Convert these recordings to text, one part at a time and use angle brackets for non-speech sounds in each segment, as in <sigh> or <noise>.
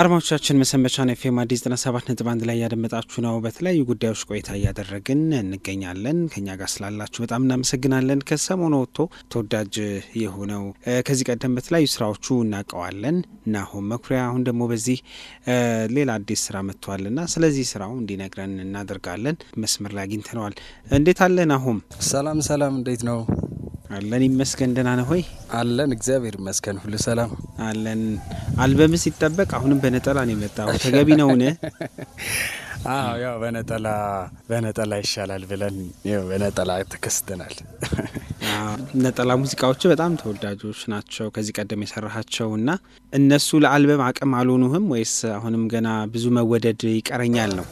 አድማጮቻችን መሰንበቻን ኤፍኤም አዲስ ዘጠና ሰባት ነጥብ አንድ ላይ እያደመጣችሁ ነው። በተለያዩ ጉዳዮች ቆይታ እያደረግን እንገኛለን። ከኛ ጋር ስላላችሁ በጣም እናመሰግናለን። ከሰሞኑ ወጥቶ ተወዳጅ የሆነው ከዚህ ቀደም በተለያዩ ስራዎቹ እናውቀዋለን ናሆም መኩሪያ አሁን ደግሞ በዚህ ሌላ አዲስ ስራ መጥቷልና ስለዚህ ስራው እንዲነግረን እናደርጋለን። መስመር ላይ አግኝተነዋል። እንዴት አለ ናሆም? ሰላም ሰላም፣ እንዴት ነው? አለን ይመስገን። ደህና ነህ ሆይ? አለን እግዚአብሔር ይመስገን፣ ሁሉ ሰላም አለን። አልበም ሲጠበቅ አሁንም በነጠላ ነው የመጣው። ተገቢ ነው ነ <laughs> አዎ፣ ያው በነጠላ በነጠላ ይሻላል ብለን ያው በነጠላ ተከስተናል። <laughs> ነጠላ ሙዚቃዎች በጣም ተወዳጆች ናቸው ከዚህ ቀደም የሰራሃቸው እና እነሱ ለአልበም አቅም አልሆኑህም ወይስ አሁንም ገና ብዙ መወደድ ይቀረኛል ነው?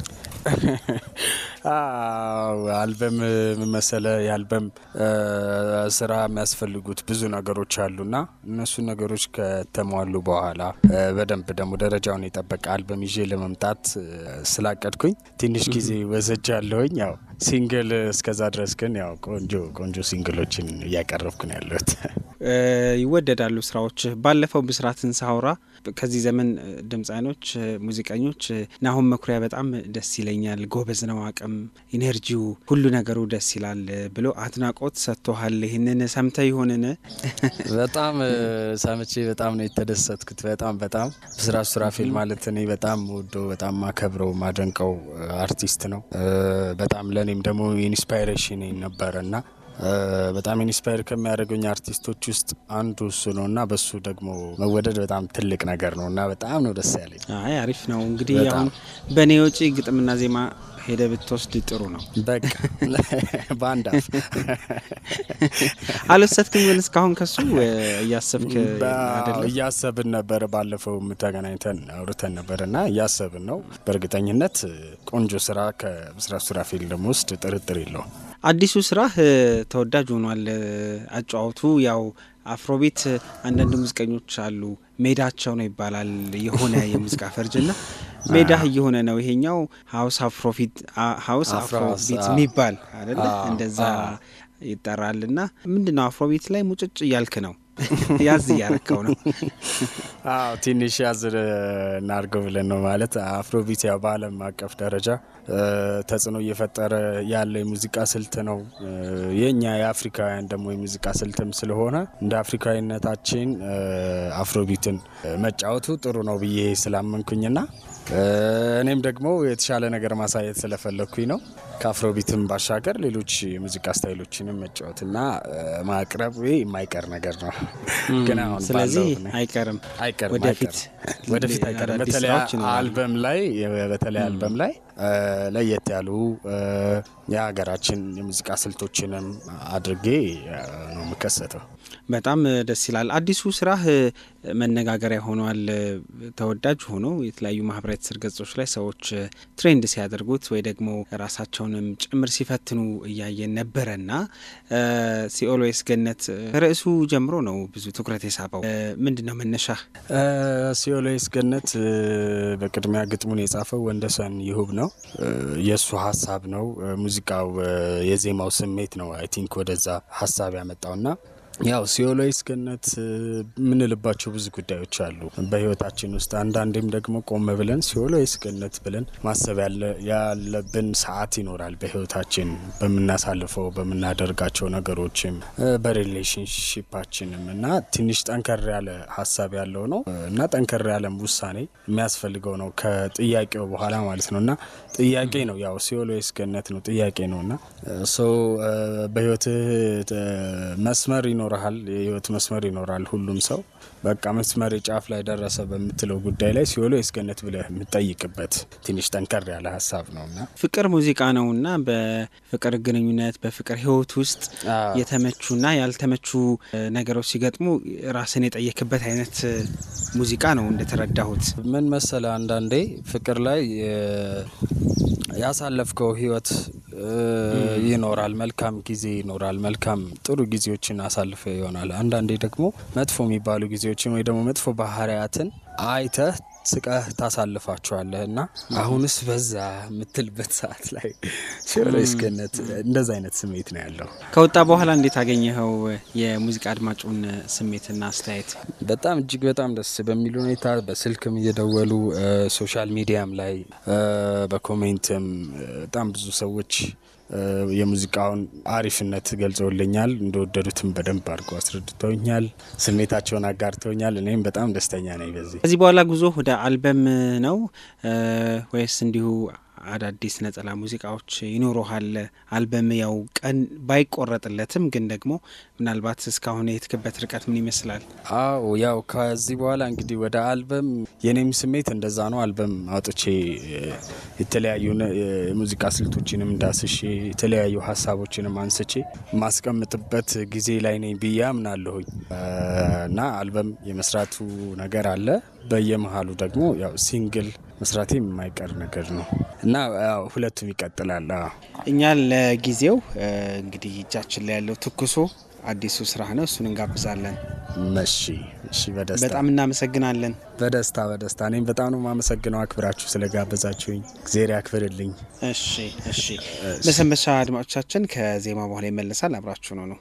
<laughs> አልበም መሰለ የአልበም ስራ የሚያስፈልጉት ብዙ ነገሮች አሉና እነሱን ነገሮች ከተሟሉ በኋላ በደንብ ደግሞ ደረጃውን የጠበቀ አልበም ይዤ ለመምጣት ስላቀድኩኝ ትንሽ ጊዜ ወዘጅ አለሁኝ። ያው ሲንግል እስከዛ ድረስ ግን ያው ቆንጆ ቆንጆ ሲንግሎችን እያቀረብኩ ነው ያለሁት። ይወደዳሉ ስራዎች። ባለፈው ብስራትን ሳውራ ከዚህ ዘመን ድምፃኖች፣ ሙዚቀኞች ናሁን መኩሪያ በጣም ደስ ይለኛል፣ ጎበዝ ነው፣ አቅም፣ ኢነርጂው፣ ሁሉ ነገሩ ደስ ይላል ብሎ አድናቆት ሰጥቶሃል። ይህንን ሰምተ ይሆንን? <laughs> በጣም ሰምቼ በጣም ነው የተደሰትኩት። በጣም በጣም ብስራት ሱራፌል ማለት እኔ በጣም ወዶ በጣም ማከብረው ማደንቀው አርቲስት ነው። በጣም ለእኔም ደግሞ ኢንስፓይሬሽን ነበረ እና በጣም ኢንስፓየር ከሚያደርጉኝ አርቲስቶች ውስጥ አንዱ እሱ ነው እና በሱ ደግሞ መወደድ በጣም ትልቅ ነገር ነው እና በጣም ነው ደስ ያለኝ። አይ አሪፍ ነው እንግዲህ አሁን በእኔ ውጪ ግጥምና ዜማ ሄደ ብትወስድ ጥሩ ነው። በቃ <laughs> በአንድ አፍ <laughs> አልወሰድክም ግን እስካሁን ከሱ እያሰብክ እያሰብን ነበር። ባለፈው ተገናኝተን አውርተን ነበር እና እያሰብን ነው። በእርግጠኝነት ቆንጆ ስራ ከምስራት ሱራፌል ደግሞ ውስጥ ጥርጥር የለውም። አዲሱ ስራህ ተወዳጅ ሆኗል። አጫዋቱ ያው አፍሮቤት አንዳንድ ሙዚቀኞች አሉ ሜዳቸው ነው ይባላል የሆነ የሙዚቃ ፈርጅ ና <laughs> ሜዳህ እየሆነ ነው። ይሄኛው ሀውስ አፍሮፊት ሀውስ አፍሮቤት የሚባል አደለ እንደዛ ይጠራልና ምንድን ነው አፍሮቤት ላይ ሙጭጭ እያልክ ነው <laughs> ያዝ እያረከው ነው። <laughs> አዎ ትንሽ ያዝ እናድርገው ብለን ነው ማለት አፍሮቢት ያው በዓለም አቀፍ ደረጃ ተጽዕኖ እየፈጠረ ያለ የሙዚቃ ስልት ነው። የእኛ የአፍሪካውያን ደግሞ የሙዚቃ ስልትም ስለሆነ እንደ አፍሪካዊነታችን አፍሮቢትን መጫወቱ ጥሩ ነው ብዬ ስላመንኩኝና እኔም ደግሞ የተሻለ ነገር ማሳየት ስለፈለግኩኝ ነው። ከአፍሮቢትም ባሻገር ሌሎች የሙዚቃ ስታይሎችንም መጫወትና ማቅረብ የማይቀር ነገር ነው። ግን አሁን ስለዚህ አይቀርም አይቀርም ወደፊት አይቀርም። በተለይ አልበም ላይ በተለይ አልበም ላይ ለየት ያሉ የሀገራችን የሙዚቃ ስልቶችንም አድርጌ ነው የምከሰተው። በጣም ደስ ይላል። አዲሱ ስራህ መነጋገሪያ ሆኗል። ተወዳጅ ሆኖ የተለያዩ ማህበራዊ ትስስር ገጾች ላይ ሰዎች ትሬንድ ሲያደርጉት ወይ ደግሞ ራሳቸውንም ጭምር ሲፈትኑ እያየን ነበረና ሲኦልዌስ ገነት ርዕሱ ጀምሮ ነው ብዙ ትኩረት የሳበው ምንድን ነው መነሻ? ሲኦልዌስ ገነት በቅድሚያ ግጥሙን የጻፈው ወንደሰን ይሁብ ነው። የእሱ ሀሳብ ነው። ሙዚቃው የዜማው ስሜት ነው አይ ቲንክ ወደዛ ሀሳብ ያመጣውና ያው ሲኦላዊ ገነት የምንልባቸው ብዙ ጉዳዮች አሉ በህይወታችን ውስጥ። አንዳንዴም ደግሞ ቆመ ብለን ሲኦላዊ ገነት ብለን ማሰብ ያለብን ሰዓት ይኖራል። በህይወታችን በምናሳልፈው በምናደርጋቸው ነገሮችም በሪሌሽንሽፓችንም እና ትንሽ ጠንከር ያለ ሀሳብ ያለው ነው እና ጠንከር ያለም ውሳኔ የሚያስፈልገው ነው ከጥያቄው በኋላ ማለት ነው እና ጥያቄ ነው ያው ሲኦላዊ ገነት ነው ጥያቄ ነው እና ሰው በህይወትህ መስመር ይኖርሃል፣ የህይወት መስመር ይኖራል። ሁሉም ሰው በቃ መስመር ጫፍ ላይ ደረሰ በምትለው ጉዳይ ላይ ሲወሎ የስገነት ብለ የምጠይቅበት ትንሽ ጠንከር ያለ ሀሳብ ነውና ፍቅር ሙዚቃ እና በፍቅር ግንኙነት በፍቅር ህይወት ውስጥ የተመቹና ያልተመቹ ነገሮች ሲገጥሙ ራስን የጠየክበት አይነት ሙዚቃ ነው እንደተረዳሁት። ምን መሰለ አንዳንዴ ፍቅር ላይ ያሳለፍከው ህይወት ይኖራል። መልካም ጊዜ ይኖራል። መልካም ጥሩ ጊዜዎችን አሳልፈ ይሆናል። አንዳንዴ ደግሞ መጥፎ የሚባሉ ጊዜዎችን ወይ ደግሞ መጥፎ ባህሪያትን አይተህ ስቀህ ታሳልፋችኋለህ እና አሁንስ በዛ የምትልበት ሰዓት ላይ ሽርሬስክነት እንደዛ አይነት ስሜት ነው ያለው። ከወጣ በኋላ እንዴት አገኘኸው? የሙዚቃ አድማጩን ስሜትና አስተያየት? በጣም እጅግ በጣም ደስ በሚል ሁኔታ በስልክም እየደወሉ ሶሻል ሚዲያም ላይ በኮሜንትም በጣም ብዙ ሰዎች የሙዚቃውን አሪፍነት ገልጸውልኛል። እንደወደዱትም በደንብ አድርገው አስረድተውኛል። ስሜታቸውን አጋርተውኛል። እኔም በጣም ደስተኛ ነኝ። በዚህ ከዚህ በኋላ ጉዞ ወደ አልበም ነው ወይስ እንዲሁ አዳዲስ ነጠላ ሙዚቃዎች ይኖረሃል። አልበም ያው ቀን ባይቆረጥለትም ግን ደግሞ ምናልባት እስካሁን የትክበት ርቀት ምን ይመስላል? አዎ ያው ከዚህ በኋላ እንግዲህ ወደ አልበም የኔም ስሜት እንደዛ ነው። አልበም አውጥቼ የተለያዩ የሙዚቃ ስልቶችንም እንዳስሼ የተለያዩ ሀሳቦችንም አንስቼ ማስቀምጥበት ጊዜ ላይ ነኝ ብዬ አምናለሁኝ እና አልበም የመስራቱ ነገር አለ በየመሀሉ ደግሞ ያው ሲንግል መስራቴ የማይቀር ነገር ነው እና ሁለቱም ይቀጥላል። እኛ ለጊዜው እንግዲህ እጃችን ላይ ያለው ትኩሶ አዲሱ ስራ ነው። እሱን እንጋብዛለን። መሺ እሺ፣ በደስታ በጣም እናመሰግናለን። በደስታ በደስታ እኔም በጣም ነው የማመሰግነው አክብራችሁ ስለጋበዛችሁኝ፣ እግዜር ያክብርልኝ። እሺ፣ እሺ። መሰንበቻ አድማጮቻችን፣ ከዜማ በኋላ ይመለሳል። አብራችሁ ነው ነው